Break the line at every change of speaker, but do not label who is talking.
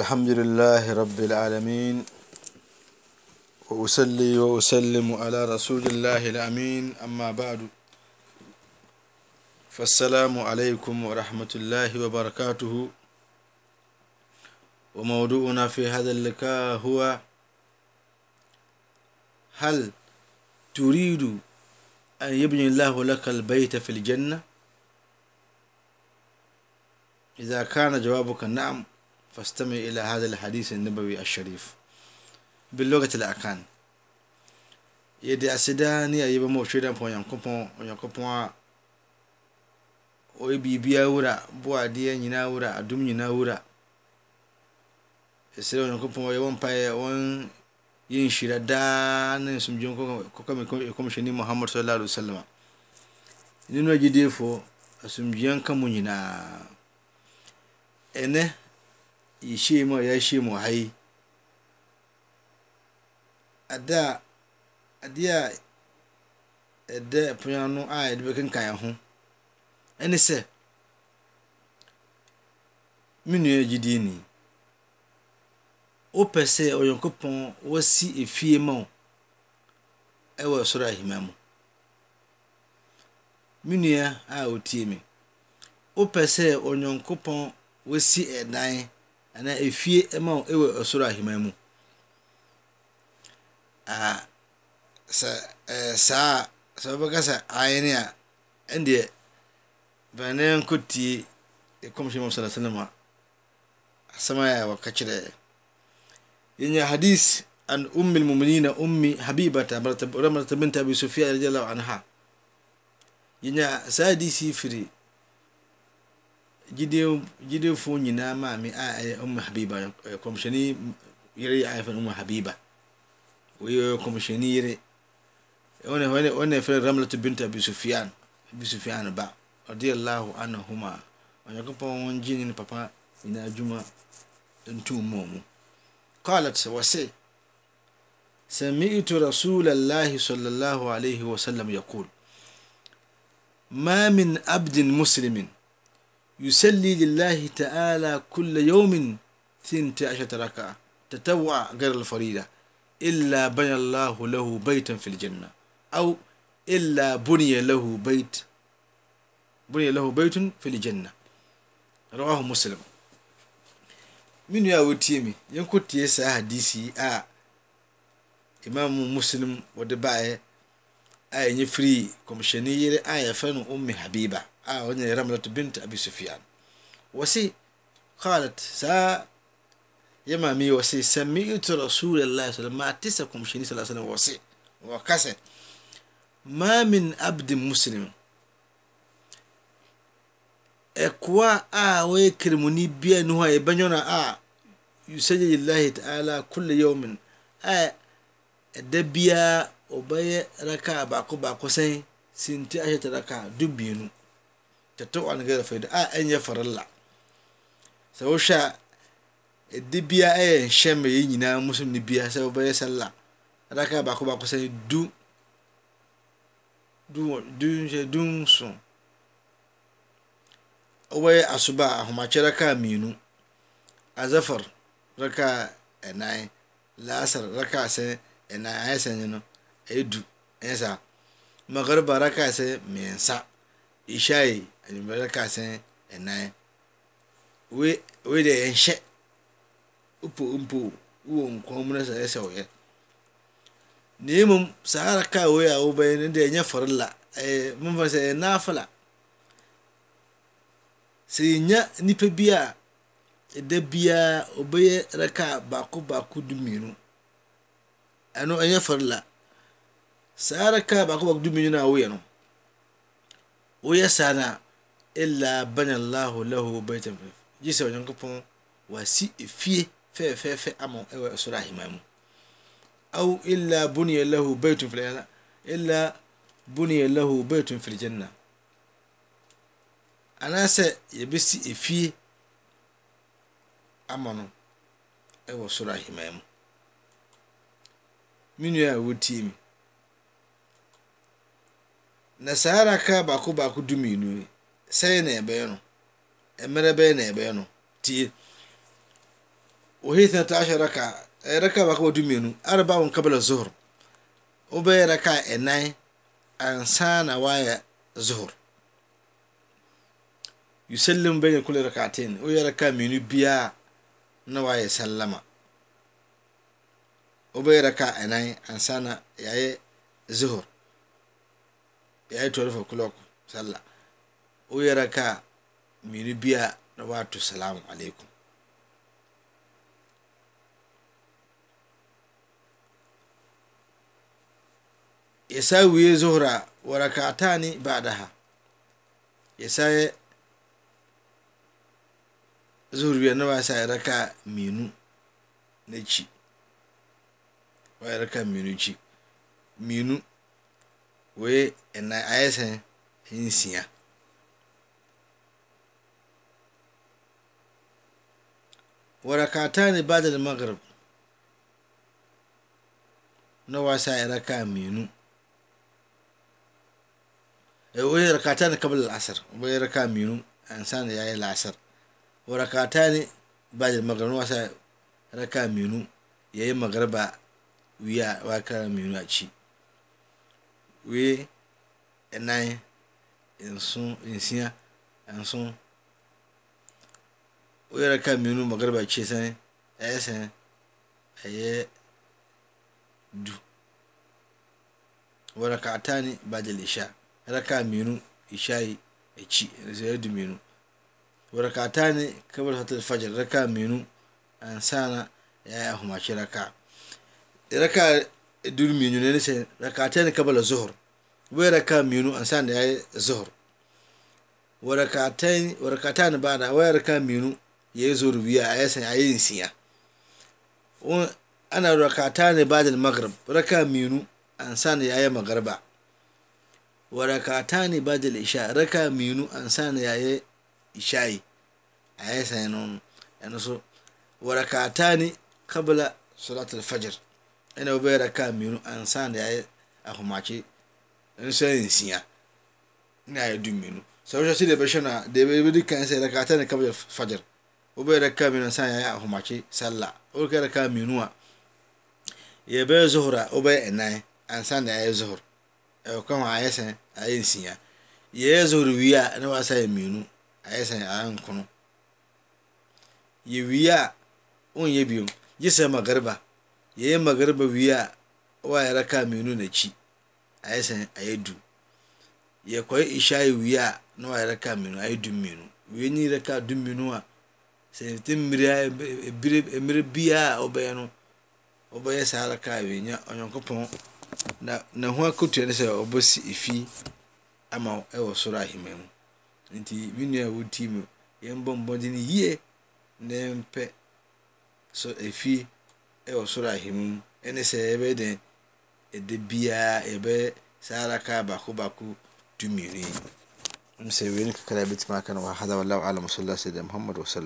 الحمد لله رب العالمين وأسلي وأسلم على رسول الله الأمين أما بعد فالسلام عليكم ورحمة الله وبركاته وموضوعنا في هذا اللقاء هو هل تريد أن يبني الله لك البيت في الجنة إذا كان جوابك نعم فاستمع إلى هذا الحديث النبوي الشريف باللغة الأكان يدي أسداني أيبا موشيدا فون ينكوبون ينكوبون ويبي بيا ورا بوا ديا نينا ورا أدوم نينا ورا يسيرون ينكوبون ويوان باي وان ينشيرا دان سمجون كوكم يكم شني محمد صلى الله عليه وسلم ننو جديفو سمجون كمو نينا ene ya ma ya she mu hai a da adeɛ a ɛda ɛpono ano a yɛde bɛkenkan ho ɛne sɛ me nua gyidie ni wopɛ sɛ ɔyankopɔn wasi efie ma wo ɛwɔ soro ahema mu me nua a otie me wopɛ sɛ ɔnyankopɔn wasi ɛdan e afie ma we sor ahimamsa ah, eh, skas ainia nde bnenkoti koms ssalm asama ya wakacir en hadise an mimuminina mi habibatataintasofiaadiala anha sa disr gyidifoɔ nyinaa maame a ɛyɛ ɔmo habiba kɔmhyɛni yere a yɛfrɛ no ɔmo habiba oyi yɛ kɔmhyɛni yere ɔna ɔna ɔna binta ramlat bint abisufian abisufian ba ɔde allahu anahuma ɔnyankopɔn wɔn gye ne ne papa nyinaa adwuma ntum mu ɔmo qalat wɔse سمعت رسول الله صلى الله عليه وسلم يقول ما من عبد مسلم يسلي لله تعالى كل يوم ثنت عشرة ركعة تتوع غير الفريضة إلا بنى الله له بيتا في الجنة أو إلا بني له بيت بني له بيت في الجنة رواه مسلم من يا وتيمي ينكو تيسا حديثي آ آه. إمام مسلم ودبعه nyɛ fr kshɛni yee yfɛn m habiba nyɛaelat bnt abi sufian wase sa yama miwas samit rasullam ma tisɛ kshn s s was kasɛ ma min abd muslem kua a wa ya keremni bia n yɛna sayeyil tala k ymn a dabia ɔbɛyɛ raka baako baako sɛn sinti ahyɛ ta raka du mmienu tɛtɛ wa ne gɛrɛ fɛ a ɛnyɛ farilla sɛ wohwɛ a ɛde bia ɛyɛ e nhyɛ ma yɛ nyinaa musom ne bia sɛ wobɛyɛ sɛla raka baako baako sɛn du du du nhyɛ du nson wobɛyɛ asuba ahomakyɛ raka mmienu azafar raka ɛnan lasar raka sɛn ɛnan ayɛ sɛn no edu du ɛnyɛ saa magariba raka sɛ mmiɛnsa ishai anwummerɛ raka sɛ ɛnan we we de yɛnhyɛ mpo mpo wo nkɔn mu no sɛ ɛsɛ ɔyɛ na mmom saa y'a wei a wobɛyɛ no deɛ ɛnyɛ fɔrela ɛyɛ momfa sɛ ɛyɛ naafala sɛ yɛnya nnipa bi a ɛda bia ɔbɛyɛ raka baako baako du mmienu ɛno ɛnyɛ la. sa raka bakɔbakdumiyina a woyɛ no woyɛ saa no a ila banye llah lah btgye sɛ onyankopɔn waasi fie fɛfɛ ama w soro ahema mu lila bunia laho biton filiganna anaasɛ yɛbɛsi fie ama no ɛwɔ soro ahima mu menuawotimi na saa ara kaa baako baako du mmienu yi sɛn na ɛbɛyɛ no mmerɛ bɛyɛ na ɛbɛyɛ no tie wohithina ta ahyɛ raka ɛyɛ baako baako du mmienu araba wɔn kabla zohor wobɛyɛ raka ɛnan ansa na wayɛ zohor yusallim bɛyɛ kule rakaten woyɛ raka mmienu biara na wayɛ salama wobɛyɛ raka ɛnan ansa na yɛayɛ zohor ya yi 12 o'clock sallah o yɛrɛ ka miri biya na wato salamu alaikum ya sa wiye zuhra wa da ha ya sa zuhur biya na wasa ya raka minu na ci wa ya raka minu ci minu wei ɛna ayɛ sɛ nsia ne badal maghrib na wasa iraka minu wai ne kabla al'asar wai raka minu ansan ya yi la'asar warakatani badal maghrib na wasa raka minu ya yi magharba wiya wa kara minu a ci yi nai nsia asu yra ka menu egriba cse yese aye du weraka tani baal sha raka menu shi ciadumenu era ka tani kabesatfigr raka menu ansana a afumaci rakaa akatani kabla waakamaaya akamysa akatanibadaa akamn asanyaymagaraba aakataniasakam asanyay sha aye aakatani kabla slaatfajr ɛna da raka mmienu ansa na yɛayɛ ahomakye nso yɛ nsia na ayɛ du mmienu sɛ wohwɛ sɛ deɛ bɛhwɛ no a deɛ bɛdi kan sɛ yɛda ata ne kabyɛ fagyer wobɛyɛ raka mmienu ansa yɛayɛ ahomakye wokɛ da raka mmienu a yɛbɛyɛ zohor a wobɛyɛ ɛnan ansa na yɛayɛ zohor ɛwɔka ho ayɛ sɛn ayɛ nsia yɛyɛ zohor wie a na wasa yɛ mmienu ayɛ sɛn ayɛ nkono yɛwie a wonyɛ biom gye sɛ magariba yɛyɛ magariba wie a ɔwɔ a yɛraka n'akyi ayɛ sɛn ayɛ du yɛkɔyɛ ihya wie a na a yɛraka ayɛ du mmienu wie du a sɛ mmiri a ebire mmiri a ɔbɛyɛ no ɔbɛyɛ saa kaa wie nya ɔnyankopɔn na na ho akotua e ne sɛ ɔbɛsi efi ama ɛwɔ soro mu nti mi nua a mu yɛn bɔ mbɔden ɛwɔ soro ahemu ɛne sɛ yɛbɛyɛ dɛn ɛda biara yɛbɛyɛ saa araka baako baako dumienu yi m sɛ wei ne kakra bɛtumi aka no wɔ hada wallahu alam wa sallallahu alaihi wa sallam